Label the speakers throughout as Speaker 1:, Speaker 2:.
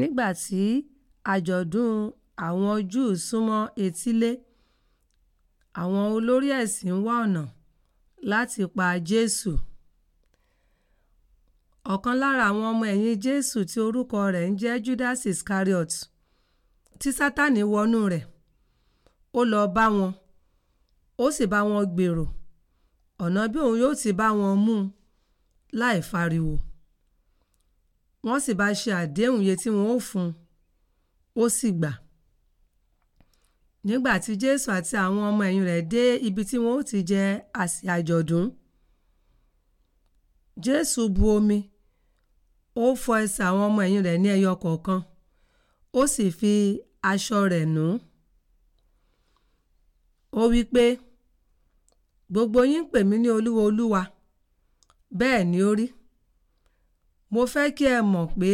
Speaker 1: Nígbà tí àjọ̀dún àwọn Júù súnmọ́ etílé, àwọn olórí ẹ̀sìn ń wá ọ̀nà láti pa Jésù. Ọ̀kan lára àwọn ọmọ-ẹ̀yìn Jésù tí orúkọ rẹ̀ ń jẹ́ Judas Iscariot, tí Sátánì wọnúu rẹ̀, ó lọ bá wọn, ó sì bá wọn gbèrò ọ̀nà bí òun yóò ti bá wọn mú un láì fariwo wọ́n sì bá a ṣe àdéhùn iye tí wọn ó fún un ó sì gbà á. Nígbà tí Jésù àti àwọn ọmọ ẹ̀yìn rẹ̀ dé ibi tí wọn ó ti jẹ àsè àjọ̀dún, Jésù bu omi, ó fọ ẹsẹ̀ àwọn ọmọ ẹ̀yìn rẹ̀ ní ẹyọ kọ̀ọ̀kan, ó sì fi aṣọ rẹ̀ nù ún. Ó wí pé, Gbogbo yín ń pè mí ní Olúwa, Olúwa, bẹ́ẹ̀ ni ó rí mo fẹ́ kí ẹ mọ̀ pé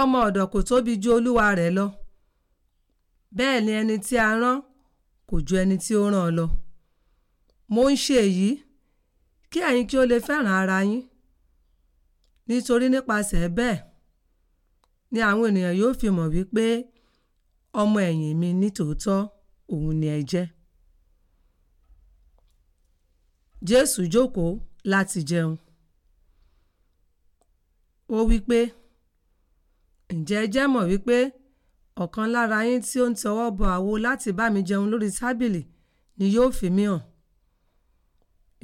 Speaker 1: ọmọ ọ̀dọ̀ kò tóbi ju olúwarẹ̀ lọ bẹ́ẹ̀ ni ẹni tí a rán kò ju ẹni tí ó rán an lọ mo ń ṣe èyí kí ẹ̀yin kí ó lè fẹ́ràn ara yín nítorí nípasẹ̀ bẹ́ẹ̀ ni àwọn ènìyàn yóò fi mọ̀ wípé ọmọ ẹ̀yìn mi nítòótọ́ òun ni ẹ jẹ́ jésù jókòó láti jẹun ó wí pé ǹjẹ́ ẹ jẹ́ mọ̀ wípé ọ̀kan lára yín tí ó ń tọwọ́ bọ àwo láti bá mi jẹun lórí tábìlì ni yóò fi mí hàn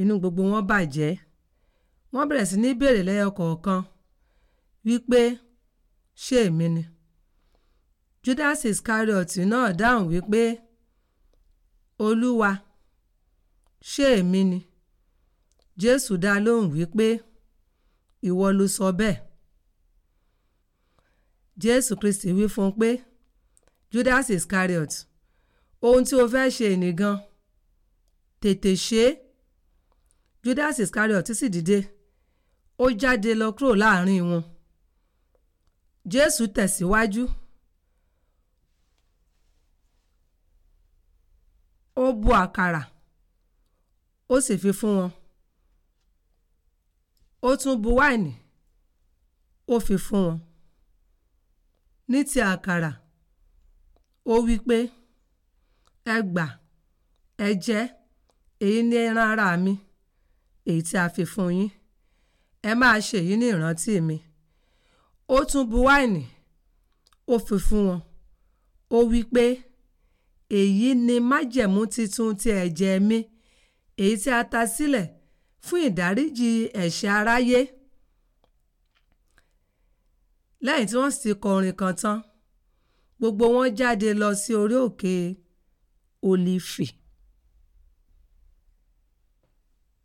Speaker 1: inú gbogbo wọn bàjẹ́ wọ́n bẹ̀rẹ̀ sí ní béèrè lẹ́yọ kọ̀ọ̀kan wípé ṣé èmi ni Judas Iscariot náà dáhùn wípé olúwa ṣé èmi ni Jésù dá lóhùn wípé ìwọ ló sọ bẹ́ẹ̀ jésù kristi wí fún un pé judas iscariot ohun tí o fẹ́ ṣe nìgan tètè ṣe é judas iscariot sì dìde ó jáde lọ kúrò láàrin wọn jésù tẹ̀síwájú ó bu àkàrà ó sì fi fún wọn ó tún bu wáìnì ó fi fún wọn Ní ti àkàrà, ó ghí pé, Ẹ gbà, ẹ jẹ́ èyí ni ẹran ara mi èyí tí a fi fún yín. Ẹ máa ṣe èyí ní ìrántí mi. Ó tún bu wáìnì, ó fi fún wọn. Ó ghí pé, Èyí ni májẹ̀mú titun ti ẹ̀jẹ̀ mi èyí tí a ta sílẹ̀ fún ìdáríjì ẹ̀ṣẹ̀ aráyé lẹ́yìn tí wọ́n sì kọ orin kan tán gbogbo wọn jáde lọ sí orí òkè olífì